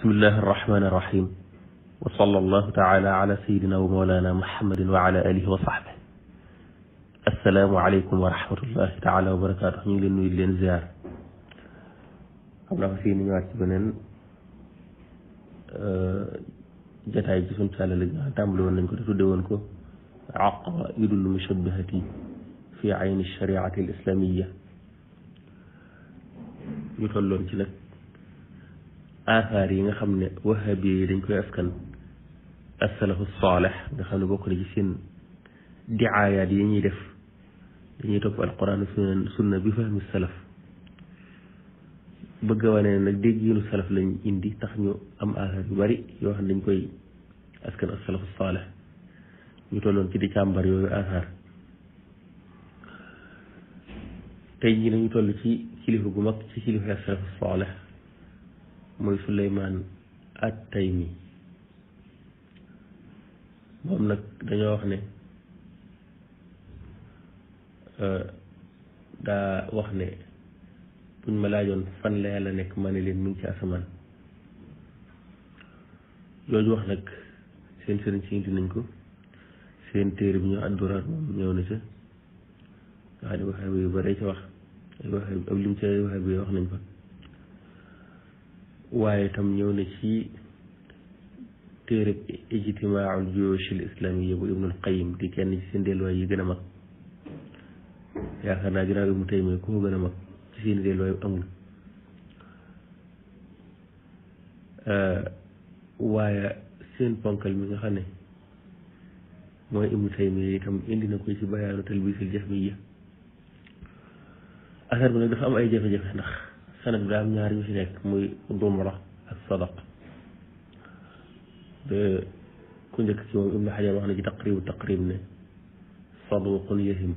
بسم الله الرحمن الرحيم وصلى الله تعالى على سيدنا ومولانا محمد وعلى آله وصحبه السلام عليكم ورحمة الله تعالى وبركاته من ngi leen زيار leen ziar xam بنن fii ni ñëwaat ci beneen jataay ننكو suñ càlla lañ عقائد المشبهة في عين الشريعة الإسلامية ñu tolloon ci nag aathaar yi nga xam ne wahabi yi dañ koy askan asalafu saalex nga xam ne bokk na ci seen diaayaat yi ñuy def dañuy topp alquran sunna sunna bi fahmi salaf bëgg a wane nag dégg yéenu salaf lañ indi tax ñu am aathaar yu bari yoo xam ne dañ koy askan asalafu saalex ñu tolloon ci di càmbar yooyu aathaar tey jii nañu toll ci kilifa gu mag ci kilifa asalafu saalex muy Suleymaan at-Taymi moom nag dañoo wax ne euh, daa wax ne buñ ma laajoon fan la yàlla nekk ma ne leen mu ngi ci asamaan jooju wax nag seen sëriñ si indi nañ ko seen téere bi ñu àdduraat moom ñëw na ca waaye waxee bi yu bare wax ay waxee ab lim ca waxee bi wax nañ fa waaye tam ñëw na ci téere ijtimaaul juyuushil islamiyya bu ibnul qayim di kenn ci seen delluwaay yi gën a mag yaakaar naa ginnaaw ibnu taymiya koo gën a mag ci seen delluwaay amul waaye seen ponkal mi nga xam ne mooy ibnu taymiya itam indi na ko ci bayaanu talbiisil jahmiyya asar bi nag dafa am ay jafe-jafe ndax سند بلا نهار يوسف لك مي دمرة الصدق ب كنت كثير من حاجة وانا جي تقريب تقريبنا صدوق يهم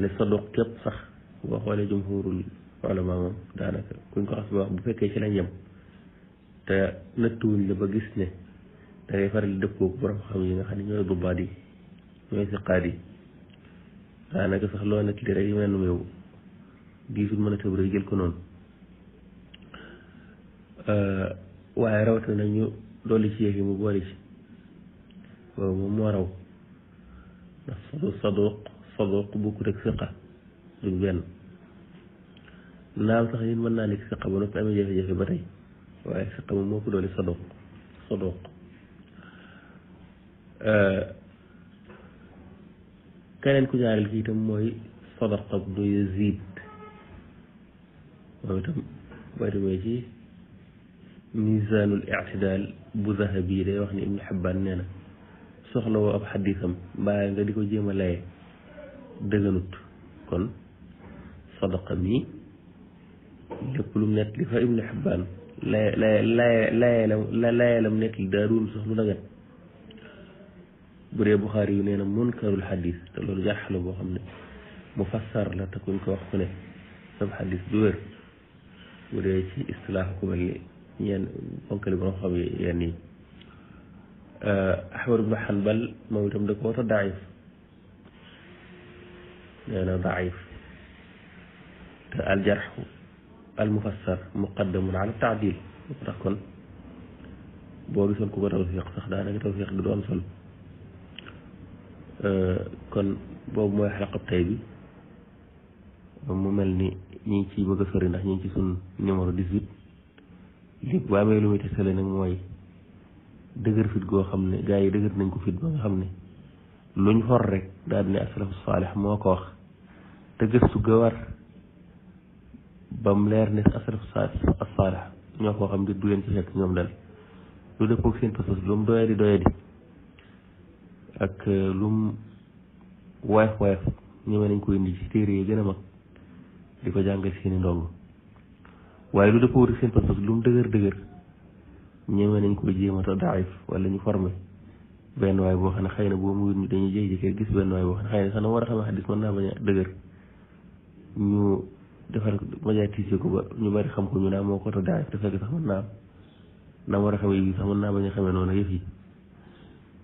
لصدوق تبصخ وهو لجمهور العلماء دانك كنت قاس بقى بكيش لنجم تا نتون لبقسنا تا يفر لدفوك برم خمينا خاني نوي ضبادي نوي ثقادي دانك سخلوانك لرأي من نميوه جيف المنك بريجل كنون وعيروت ننيو دولي شيه مباريش ومموارو صدوق صدوق بكرك ثقة دنبيان نعم تخيين منا لك ثقة بنوك أمي جيف جيف بري وعي ثقة مموك دولي صدوق صدوق كان كجار الكيتم موي صدق بن يزيد moom itam boo demee ci misaanul ictidaal bu zahabi day wax ni ibnu xabbaan nee na soxla ab xadisam bàyyi nga di ko jéem a laye kon sadaqa mi lépp lu mu nett li fa ibnu xabbaan laye la layelam nett li daa doon soxlu dagat bu dee buxaari yu nee na munkarul xadis te loolu jarxala boo xam ne mu fassar la te kuñ ko ne sab xadis du bu dee ci istilaax ku mel ni yenn fonkali borom xam yi yenn yi ahmad ibnu hanbal moom itam da ko wata daif nee na daif te al jarxu al mufassar muqaddamun ala taadil moo tax kon boo gisoon ku ko tawfiq sax daanaka tawfiq du doon solo kon boobu mooy xalaqab tey bi mu mel ni ñu ngi ciy bëgg a ndax ñu ngi ci suñ numéro 18 li bu amee lu muy tesale nag mooy dëgër fit goo xam ne gars yi dëgër nañ ko fit ba nga xam ne luñ xor rek daal di ne asalafu saalix moo ko wax te gëstu ga leer ne asalafu ko xam ne du leen ci fekk ñoom dal lu dëppoog seen pas-pas lu mu doyee di ak euh, lu mu waayf waayf ñëwee nañ ko indi ci téere yi gën a mag di ko jàngal seeni i ndongo waaye lu dëppoo rek seen pas lu mu dëgër dëgër ñeme nañ ko jéem a daif wala ñu formé benn waay boo xam ne xëy na boo mu gis benn waay boo xam ne war a xam xadis mën bañ a dëgër ñu defal médiatisé ko ñu bari xam ko ñu naan na war a xamee yi sax naa bañ xamee noonu yëf yi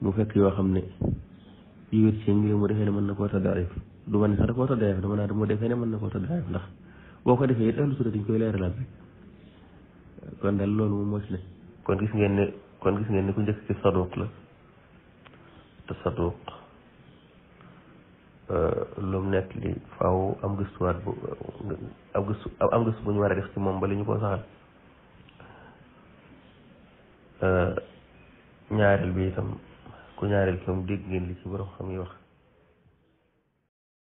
mu fekk yoo xam ne yu wér ci ngir mu defee ne mën na koo to du ma ne sax da koo tëddaayoo dama naa defee ne mën na koo tëddaayoo ndax boo ko defee it dañ koy leeralal rek kon daal loolu moom moo ci kon gis ngeen ne kon gis ngeen ne ku njëkk ci saduq la te saduq euh, lu mu nekk li faaw am gëstuwaat bu am gëstu am bu ñu war a def ci moom ba li ñu koo saxal euh, ñaareel bi itam ku ñaareel ki moom dégg ngeen li ci borom xam yi wax.